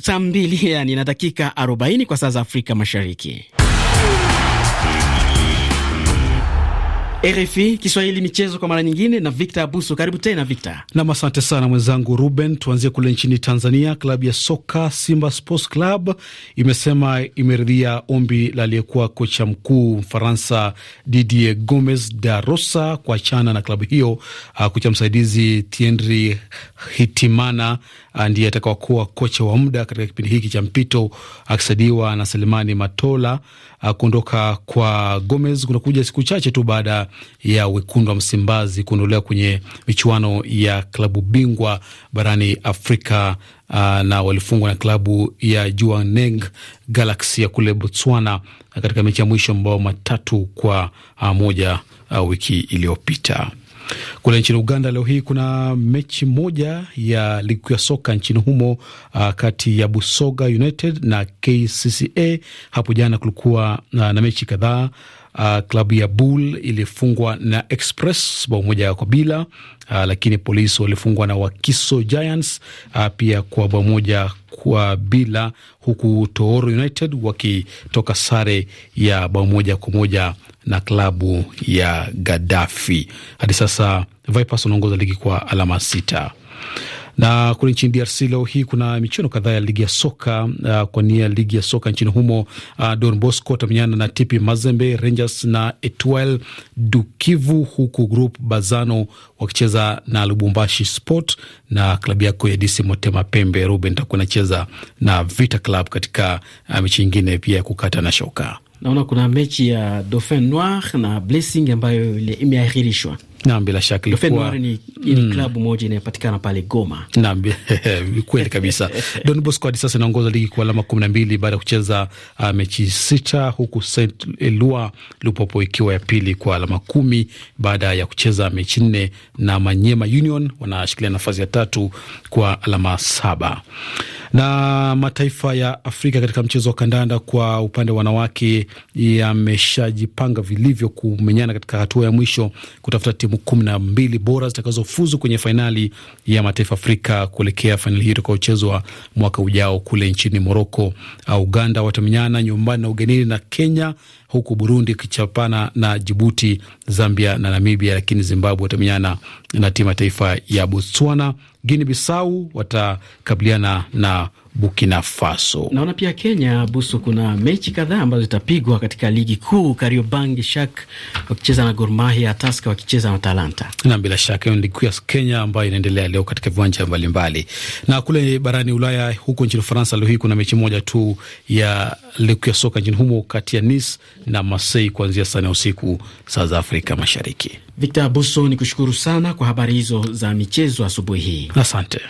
saa mbili yani na dakika 40 kwa saa za Afrika Mashariki. RFI Kiswahili michezo kwa mara nyingine na Victor Abuso. Karibu tena Victor. Nam, asante sana mwenzangu Ruben. Tuanzie kule nchini Tanzania. Klabu ya soka Simba Sports Club imesema imeridhia ombi la aliyekuwa kocha mkuu Mfaransa Didier Gomes da Rosa kuachana na klabu hiyo. Ah, kocha msaidizi Thierry Hitimana Ah, ndiye atakaokuwa kocha wa muda katika kipindi hiki cha mpito, akisaidiwa na Selemani Matola. Ah, kuondoka kwa Gomez kunakuja siku chache tu baada ya wekundu wa Msimbazi kuondolewa kwenye michuano ya klabu bingwa barani Afrika. Ah, na walifungwa na klabu ya Juaneng Galaxy ya kule Botswana katika mechi ya mwisho mabao matatu kwa moja wiki iliyopita. Kule nchini Uganda leo hii kuna mechi moja ya ligi ya soka nchini humo uh, kati ya Busoga United na KCCA. Hapo jana kulikuwa uh, na mechi kadhaa Uh, klabu ya Bull ilifungwa na Express bao moja kwa bila, uh, lakini polisi walifungwa na Wakiso Giants uh, pia kwa bao moja kwa bila, huku Tooro United wakitoka sare ya bao moja kwa moja na klabu ya gadafi Hadi sasa Vipers wanaongoza ligi kwa alama sita. Na kule nchini DRC leo hii kuna michuano kadhaa ya ligi ya soka uh, kwa nia ligi ya soka nchini humo uh, Don Bosco atamenyana na TP Mazembe, Rangers na Etoile du Kivu, huku Group Bazano wakicheza na Lubumbashi Sport na klabu yako ya DC Motema Pembe. Ruben takuwa nacheza na Vita Club katika uh, mechi nyingine pia ya kukata na shoka. Naona kuna mechi ya Dauphin Noir na Blessing ambayo imeahirishwa. Naam, bila shaka ilikuwa ni, ni klabu mm. moja inayopatikana pale Goma. Naam, kweli kabisa. Don Bosco hadi sasa inaongoza ligi kwa alama kumi na mbili baada ya kucheza uh, mechi sita, huku Saint Eloi Lupopo ikiwa ya pili kwa alama kumi baada ya kucheza mechi nne, na Manyema Union wanashikilia nafasi ya tatu kwa alama saba. Na mataifa ya Afrika katika mchezo wa kandanda kwa upande wa wanawake yameshajipanga vilivyo kumenyana katika hatua ya mwisho kutafuta timu kumi na mbili bora zitakazofuzu kwenye fainali ya mataifa Afrika kuelekea fainali hiyo itakayochezwa mwaka ujao kule nchini Moroko. Uganda watamenyana nyumbani na ugenini na Kenya, huku Burundi ikichapana na Jibuti, Zambia na Namibia, lakini Zimbabwe watamenyana na timu ya taifa ya Botswana Guinea Bissau watakabiliana na Burkina Faso. Naona pia Kenya busu, kuna mechi kadhaa ambazo zitapigwa katika ligi kuu, Kariobangi Shak wakicheza na Gor Mahia, Taska wakicheza na Talanta. Na bila shaka hiyo ni ligi kuu ya Kenya ambayo inaendelea leo katika viwanja mbalimbali. Na kule barani Ulaya, huko nchini Ufaransa, leo hii kuna mechi moja tu ya ligi kuu ya soka nchini humo kati ya Nice na Marseille kuanzia sana usiku saa za Afrika Mashariki. Victor Buso, ni kushukuru sana kwa habari hizo za michezo asubuhi hii, asante.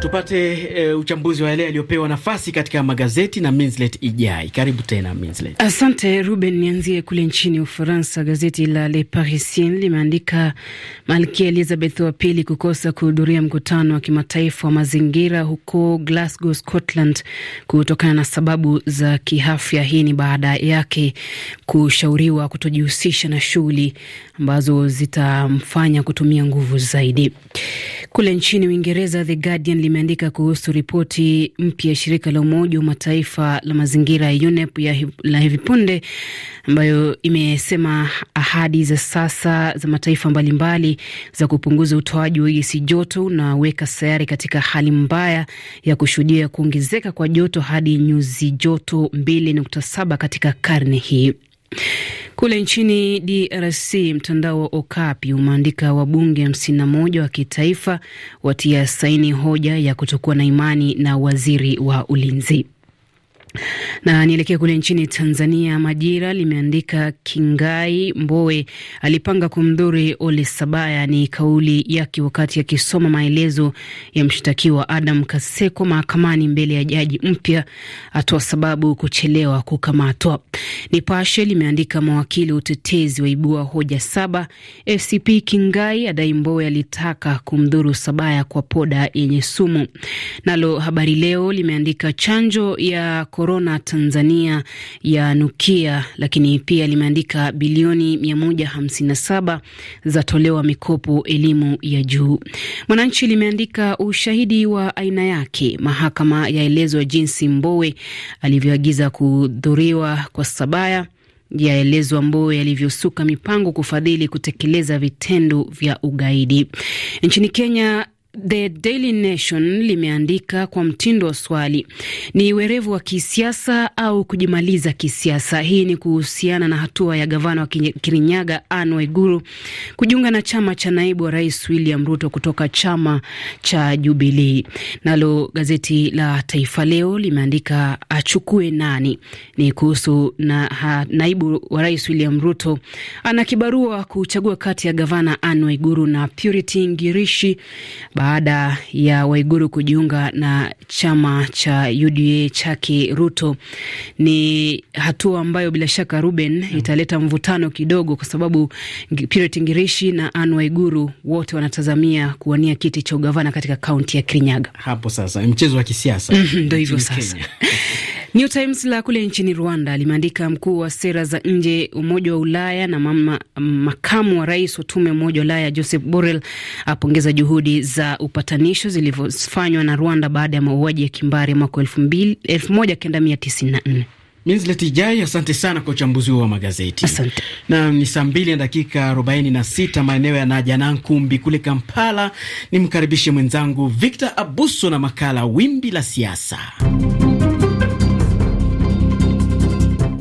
Tupate e, uchambuzi wa yale yaliyopewa nafasi katika magazeti na Minslet Ijai. Karibu tena Minslet. Asante Ruben, nianzie kule nchini Ufaransa. Gazeti la Le Parisien limeandika Malkia Elizabeth wa pili kukosa kuhudhuria mkutano wa kimataifa wa mazingira huko Glasgow, Scotland kutokana na sababu za kiafya. Hii ni baada yake kushauriwa kutojihusisha na shughuli ambazo zitamfanya kutumia nguvu zaidi. Kule nchini Uingereza, The Guardian limeandika kuhusu ripoti mpya ya shirika la Umoja wa Mataifa la mazingira ya UNEP ya la hivi punde ambayo imesema ahadi za sasa za mataifa mbalimbali za kupunguza utoaji wa gesi joto unaweka sayari katika hali mbaya ya kushuhudia kuongezeka kwa joto hadi nyuzi joto 2.7 katika karne hii. Kule nchini DRC, mtandao wa Okapi umeandika wabunge 51 wa kitaifa watia saini hoja ya kutokuwa na imani na waziri wa ulinzi. Na nielekee kule nchini Tanzania. Majira limeandika Kingai Mbowe alipanga kumdhuri Ole Sabaya, ni kauli yake wakati akisoma ya maelezo ya mshtakiwa Adam Kaseko mahakamani mbele ya jaji mpya, atoa sababu kuchelewa kukamatwa. Nipashe limeandika mawakili utetezi waibua hoja saba. FCP Kingai adai Mbowe alitaka kumdhuru Sabaya kwa poda yenye sumu. Nalo Habari Leo limeandika chanjo ya korona Tanzania nukia lakini pia limeandika bilioni 157 za tolewa mikopo elimu ya juu. Mwananchi limeandika ushahidi wa aina yake, mahakama yaelezwa jinsi Mbowe alivyoagiza kudhuriwa kwa Sabaya yaelezwa Mbowe yalivyosuka mipango kufadhili kutekeleza vitendo vya ugaidi nchini Kenya. The Daily Nation limeandika kwa mtindo wa swali, ni werevu wa kisiasa au kujimaliza kisiasa? Hii ni kuhusiana na hatua ya gavana wa Kirinyaga Anne Waiguru kujiunga na chama cha naibu wa rais William Ruto kutoka chama cha Jubilii. Nalo gazeti la Taifa Leo limeandika achukue nani, ni kuhusu na ha, naibu wa rais William Ruto ana kibarua kuchagua kati ya gavana Anne Waiguru na Purity Ngirishi baada ya Waiguru kujiunga na chama cha UDA chake Ruto. Ni hatua ambayo bila shaka Ruben hmm. italeta mvutano kidogo, kwa sababu Piret Ngirishi na Anne Waiguru wote wanatazamia kuwania kiti cha ugavana katika kaunti ya Kirinyaga. Hapo sasa mchezo wa kisiasa ndo hivyo sasa New Times la kule nchini Rwanda limeandika mkuu wa sera za nje Umoja wa Ulaya na mama, makamu wa rais wa tume Umoja wa Ulaya Joseph Borrell apongeza juhudi za upatanisho zilivyofanywa na Rwanda baada ya mauaji ya kimbari mwaka 1994. Minzletijai, asante sana kwa uchambuzi huo wa magazeti. Asante. Na ni saa mbili na dakika arobaini na sita maeneo ya nkumbi kule Kampala. Nimkaribishe mwenzangu Victor Abuso na makala Wimbi la Siasa.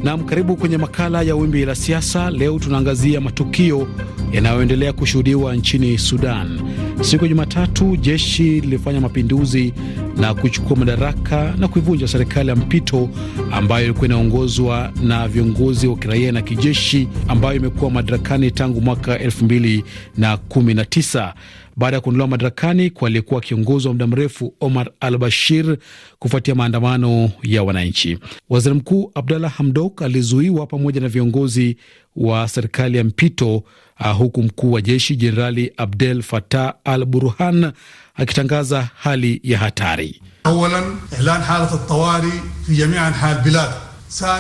Nam, karibu kwenye makala ya wimbi la siasa. Leo tunaangazia matukio yanayoendelea kushuhudiwa nchini Sudan. Siku ya Jumatatu jeshi lilifanya mapinduzi na kuchukua madaraka na kuivunja serikali ya mpito ambayo ilikuwa inaongozwa na viongozi wa kiraia na kijeshi ambayo imekuwa madarakani tangu mwaka 2019 baada ya kuondolewa madarakani kwa aliyekuwa kiongozi wa muda mrefu Omar al Bashir kufuatia maandamano ya wananchi. Waziri Mkuu Abdalla Hamdok alizuiwa pamoja na viongozi wa serikali ya mpito uh, huku mkuu wa jeshi Jenerali Abdel Fattah al Burhan akitangaza hali ya hatari.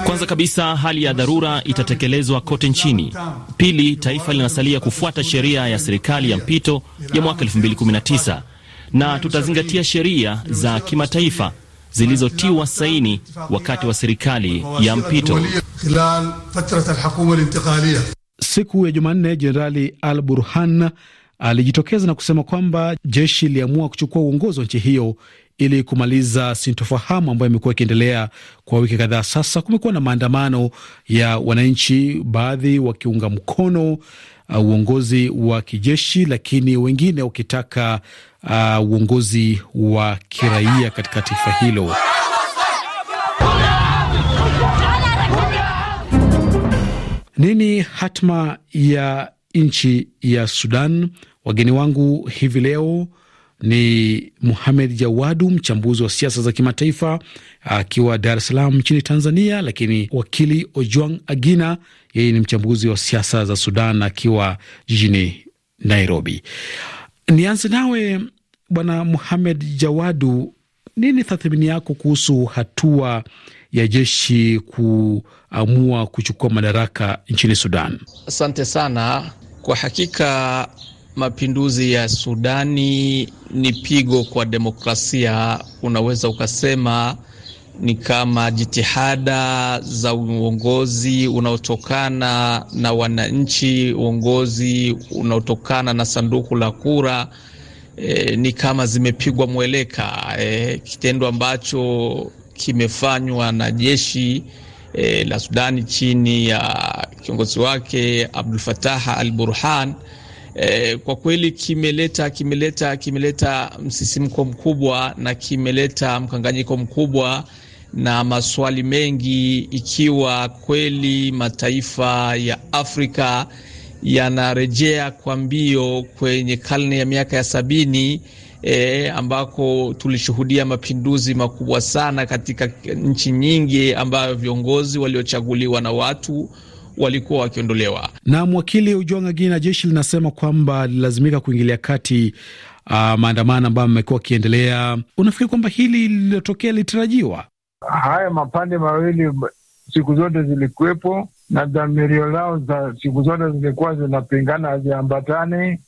Kwanza kabisa hali ya dharura itatekelezwa kote nchini. Pili, taifa linasalia kufuata sheria ya serikali ya mpito ya mwaka 2019 na tutazingatia sheria za kimataifa zilizotiwa saini wakati wa serikali ya mpito. Siku ya Jumanne, Jenerali Al Burhan alijitokeza na kusema kwamba jeshi liliamua kuchukua uongozi wa nchi hiyo ili kumaliza sintofahamu ambayo imekuwa ikiendelea kwa wiki kadhaa sasa. Kumekuwa na maandamano ya wananchi, baadhi wakiunga mkono uh, uongozi wa kijeshi, lakini wengine wakitaka uh, uongozi wa kiraia katika taifa hilo. Nini hatma ya nchi ya Sudan? Wageni wangu hivi leo ni Muhamed Jawadu, mchambuzi wa siasa za kimataifa akiwa Dar es Salaam nchini Tanzania, lakini wakili Ojuang Agina, yeye ni mchambuzi wa siasa za Sudan akiwa jijini Nairobi. Nianze nawe Bwana Muhamed Jawadu, nini tathmini yako kuhusu hatua ya jeshi kuamua kuchukua madaraka nchini Sudan? Asante sana. Kwa hakika mapinduzi ya Sudani ni pigo kwa demokrasia, unaweza ukasema ni kama jitihada za uongozi unaotokana na wananchi, uongozi unaotokana na sanduku la kura e, ni kama zimepigwa mweleka e, kitendo ambacho kimefanywa na jeshi e, la Sudani chini ya kiongozi wake Abdul Fatah al Burhan e, eh, kwa kweli kimeleta kimeleta kimeleta msisimko mkubwa na kimeleta mkanganyiko mkubwa na maswali mengi, ikiwa kweli mataifa ya Afrika yanarejea kwa mbio kwenye karne ya miaka ya sabini e, ambako tulishuhudia mapinduzi makubwa sana katika nchi nyingi ambayo viongozi waliochaguliwa na watu walikuwa wakiondolewa. Na mwakili Ujwanga Gina, jeshi linasema kwamba lilazimika kuingilia kati uh, maandamano ambayo amekuwa akiendelea. Unafikiri kwamba hili lililotokea lilitarajiwa? Haya mapande mawili siku zote zilikuwepo na dhamirio lao za siku zote zilikuwa zinapingana, haziambatani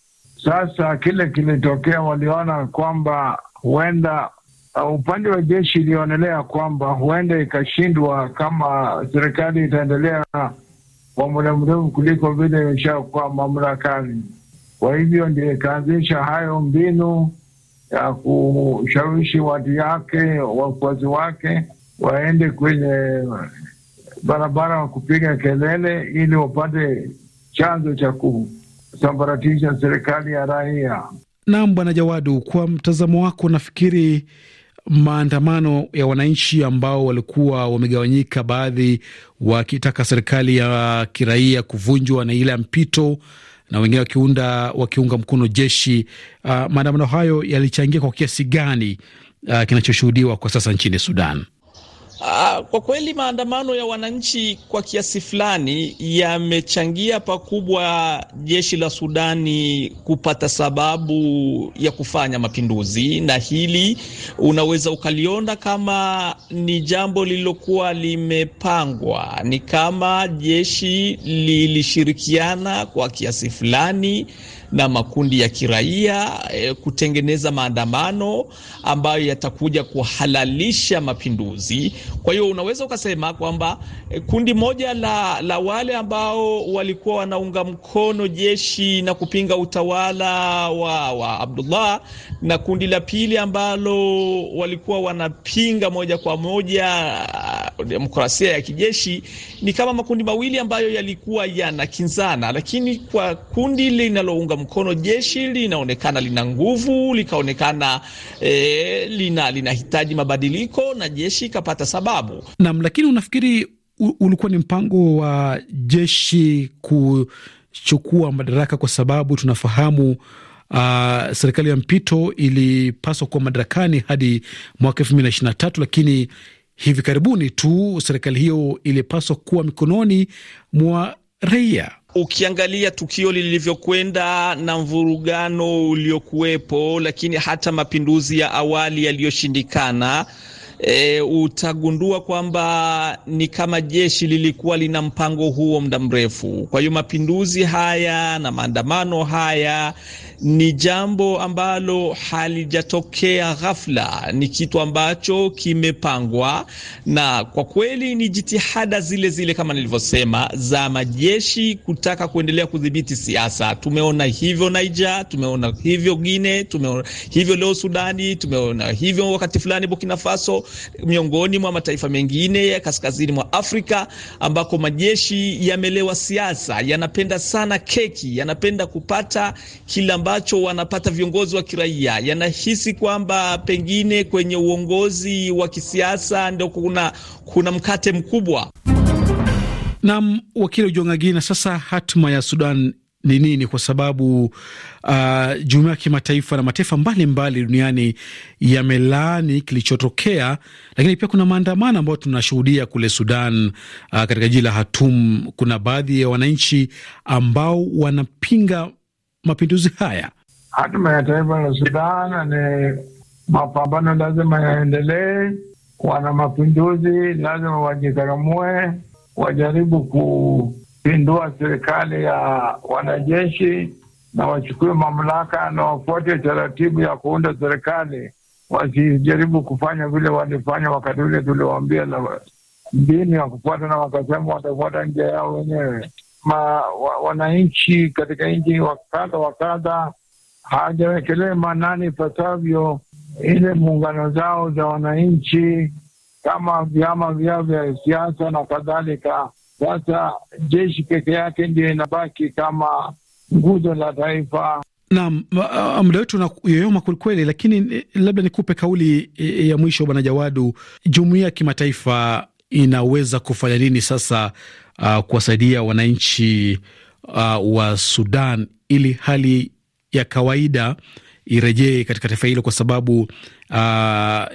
sasa kile kilitokea, waliona kwamba huenda uh, upande wa jeshi ilionelea kwamba huenda ikashindwa kama serikali itaendelea kwa muda mrefu kuliko vile imeshakuwa mamlakani. Kwa hivyo ndio ikaanzisha hayo mbinu ya kushawishi watu yake, wafuasi wake waende kwenye barabara wa kupiga kelele ili wapate chanzo cha kuu kusambaratisha serikali ya raia. Naam, Bwana Jawadu, kwa mtazamo wako, nafikiri maandamano ya wananchi ambao walikuwa wamegawanyika, baadhi wakitaka serikali ya kiraia kuvunjwa na ile ya mpito na wengine wakiunda wakiunga mkono jeshi. Uh, maandamano hayo yalichangia kwa kiasi gani uh, kinachoshuhudiwa kwa sasa nchini Sudan? Aa, ah, kwa kweli maandamano ya wananchi kwa kiasi fulani yamechangia pakubwa jeshi la Sudani kupata sababu ya kufanya mapinduzi, na hili unaweza ukaliona kama ni jambo lililokuwa limepangwa, ni kama jeshi lilishirikiana kwa kiasi fulani na makundi ya kiraia e, kutengeneza maandamano ambayo yatakuja kuhalalisha mapinduzi. Kwa hiyo unaweza ukasema kwamba e, kundi moja la, la wale ambao walikuwa wanaunga mkono jeshi na kupinga utawala wa, wa Abdullah na kundi la pili ambalo walikuwa wanapinga moja kwa moja demokrasia ya kijeshi ni kama makundi mawili ambayo yalikuwa yanakinzana, lakini kwa kundi linalounga mkono jeshi linaonekana lina nguvu, likaonekana e, lina linahitaji mabadiliko na jeshi ikapata sababu nam. Lakini unafikiri ulikuwa ni mpango wa jeshi kuchukua madaraka kwa sababu tunafahamu Uh, serikali ya mpito ilipaswa kuwa madarakani hadi mwaka elfu mbili na ishirini na tatu lakini Hivi karibuni tu serikali hiyo ilipaswa kuwa mikononi mwa raia. Ukiangalia tukio lilivyokwenda na mvurugano uliokuwepo, lakini hata mapinduzi ya awali yaliyoshindikana e, utagundua kwamba ni kama jeshi lilikuwa lina mpango huo muda mrefu. Kwa hiyo mapinduzi haya na maandamano haya ni jambo ambalo halijatokea ghafla, ni kitu ambacho kimepangwa, na kwa kweli ni jitihada zile zile kama nilivyosema za majeshi kutaka kuendelea kudhibiti siasa. Tumeona hivyo Niger, tumeona hivyo Guinea, tumeona hivyo leo Sudani, tumeona hivyo wakati fulani Burkina Faso miongoni mwa mataifa mengine ya kaskazini mwa Afrika ambako majeshi yamelewa siasa, yanapenda sana keki, yanapenda kupata kile ambacho wanapata viongozi wa kiraia, yanahisi kwamba pengine kwenye uongozi wa kisiasa ndio kuna, kuna mkate mkubwa. Nam wakili jongagina sasa hatima ya Sudan ni nini, kwa sababu uh, jumuiya ya kimataifa na mataifa mbalimbali duniani yamelaani kilichotokea, lakini pia kuna maandamano ambayo tunashuhudia kule Sudan. Uh, katika jiji la Hatum kuna baadhi ya wananchi ambao wanapinga mapinduzi haya. Hatima ya taifa la Sudan ni mapambano, lazima yaendelee. Wana mapinduzi lazima wajikaramue, wajaribu ku pindua serikali ya wanajeshi na wachukue mamlaka na wafuate taratibu ya kuunda serikali, wasijaribu kufanya vile walifanya wakati ule tuliwaambia la dini ya kufuata, na wakasema watafuata njia yao wenyewe. Ma wananchi katika nchi wakadha kadha hawajawekelea manani ipasavyo ile muungano zao za wananchi kama vyama vyao vya siasa na kadhalika sasa jeshi peke yake ndio inabaki kama nguzo la taifa. Naam, ah, muda wetu unayoyoma kwelikweli, lakini eh, labda nikupe kauli eh, ya mwisho Bwana Jawadu, jumuiya ya kimataifa inaweza kufanya nini sasa uh, kuwasaidia wananchi uh, wa Sudan ili hali ya kawaida irejee katika taifa hilo, kwa sababu uh,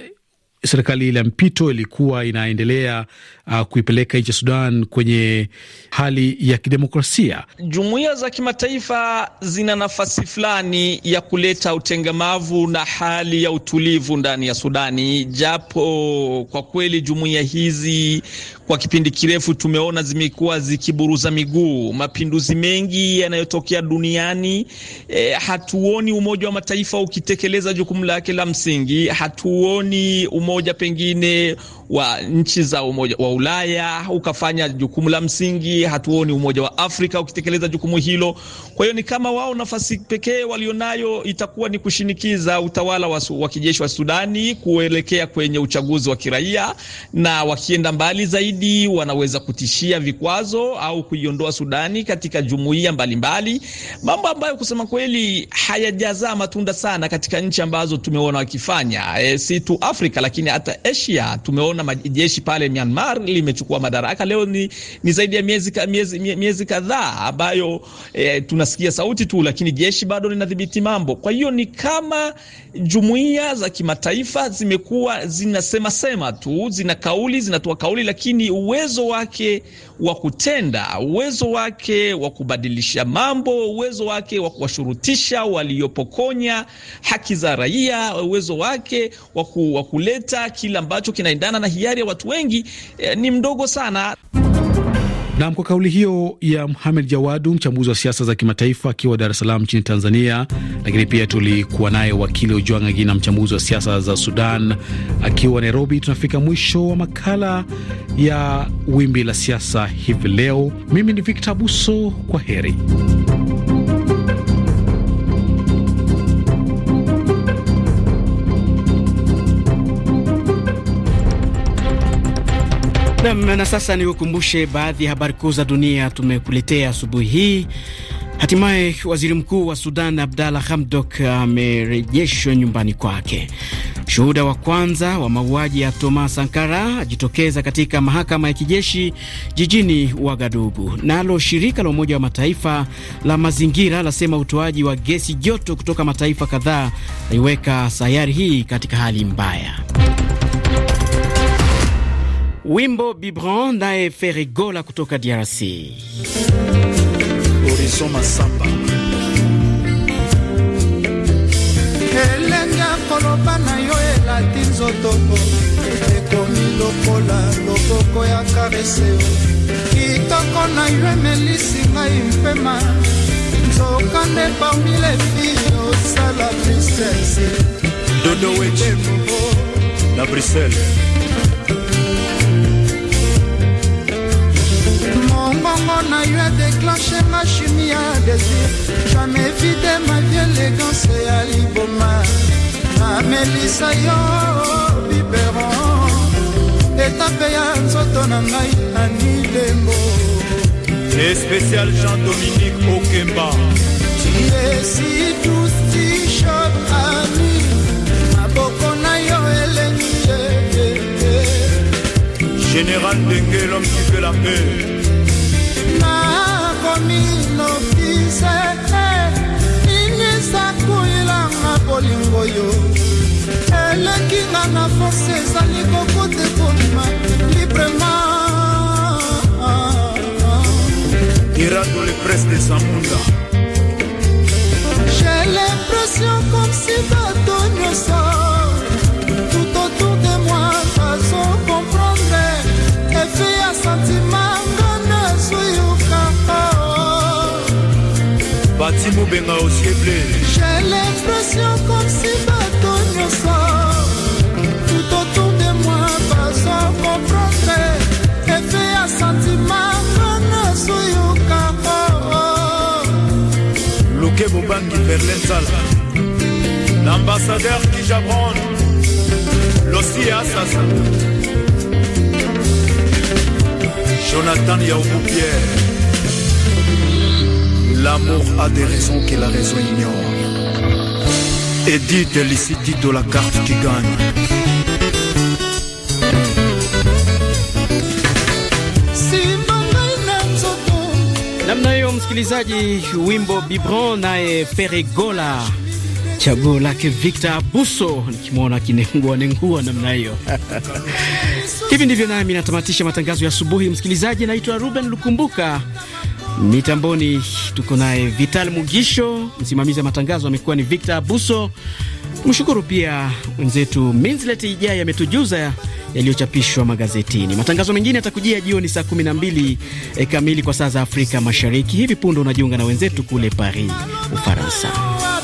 serikali ile ya mpito ilikuwa inaendelea uh, kuipeleka nchi ya Sudan kwenye hali ya kidemokrasia. Jumuiya za kimataifa zina nafasi fulani ya kuleta utengamavu na hali ya utulivu ndani ya Sudani, japo kwa kweli jumuiya hizi kwa kipindi kirefu tumeona zimekuwa zikiburuza miguu. Mapinduzi mengi yanayotokea duniani e, hatuoni Umoja wa Mataifa ukitekeleza jukumu lake la msingi, hatuoni umoja pengine wa nchi za umoja wa Ulaya ukafanya jukumu la msingi. Hatuoni umoja wa Afrika ukitekeleza jukumu hilo. Kwa hiyo ni kama wao nafasi pekee walionayo itakuwa ni kushinikiza utawala wa, wa kijeshi wa Sudani kuelekea kwenye uchaguzi wa kiraia, na wakienda mbali zaidi wanaweza kutishia vikwazo au kuiondoa Sudani katika jumuiya mbalimbali, mambo ambayo kusema kweli hayajazaa matunda sana katika nchi ambazo tumeona wakifanya. E, si tu Afrika lakini hata Asia tumeona tunaona jeshi pale Myanmar limechukua madaraka leo ni, ni zaidi ya miezi, miezi, miezi kadhaa ambayo eh, tunasikia sauti tu, lakini jeshi bado linadhibiti mambo. Kwa hiyo ni kama jumuiya za kimataifa zimekuwa zinasemasema tu, zina kauli, zinatoa kauli, lakini uwezo wake wa kutenda, uwezo wake wa kubadilisha mambo, uwezo wake wa kuwashurutisha waliopokonya haki za raia, uwezo wake wa kuleta kila ambacho kinaendana na na hiari ya watu wengi eh, ni mdogo sana. Nam, kwa kauli hiyo ya muhamed Jawadu, mchambuzi wa siasa za kimataifa akiwa Dar es Salaam nchini Tanzania. Lakini pia tulikuwa naye wakili Ojwang Agina, mchambuzi wa siasa za Sudan akiwa Nairobi. Tunafika mwisho wa makala ya Wimbi la Siasa hivi leo. Mimi ni Victor Buso, kwa heri. Nam, na sasa ukumbushe baadhi ya habari kuu za dunia tumekuletea asubuhi hii. Hatimaye waziri mkuu wa Sudan Abdalla Hamdok amerejeshwa nyumbani kwake. Shuhuda wa kwanza wa mauaji ya Thomas Sankara ajitokeza katika mahakama ya kijeshi jijini Wagadugu. Nalo shirika la Umoja wa Mataifa la mazingira lasema utoaji wa gesi joto kutoka mataifa kadhaa aliweka sayari hii katika hali mbaya. wimbo Bibran naye Ferigola kutoka DRC. Horizon Masamba elenge koloba na yo elati nzoto ekomi lokola loboko ya karese kitoko na yo emelisi ngai mpema nzoka nde parmi les filles osala princese dodo wecemo na bruxelles On a eu à déclencher ma chimie à désir. Jamais vidé ma vie élégance et à l'iboma. Amélie Sayo, biberon. Etape ya nzoto na ngai ani dembo. Les spécial Jean-Dominique Okemba. Tu es si douce, si chaude, amie. Ma na yo Général Dengue, l'homme qui fait la paix. bolingo yo eleki nga na force ezali kokote kondima librema irado le pres de samunda j'ai l'impression comme si bato nyonso j'ai l'impression comme si bato nyonso tout autour de moi pas bazo comprendre Et ya sentima ngana soyokango luke bobangi perlensala l'ambassadeur qui Japon. losi Assassin. jonathan yaobu pierre L'amour a des raisons que la raison ignore. Et dit de de la carte qui gagne. namna hiyo, msikilizaji. Wimbo Bibro naye Feregola, chaguo lake Victor Abuso, nikimwona kinengua nengua namna hiyo hivi ndivyo nami natamatisha matangazo ya asubuhi, msikilizaji. Naitwa Ruben Lukumbuka, Mitamboni tuko naye Vital Mugisho, msimamizi wa matangazo amekuwa ni Victor Abuso. mshukuru pia mwenzetu Minslet Ijai ametujuza yaliyochapishwa magazetini. Matangazo mengine yatakujia jioni saa 12 e eh, kamili kwa saa za Afrika Mashariki. Hivi punde unajiunga na wenzetu kule Paris, Ufaransa.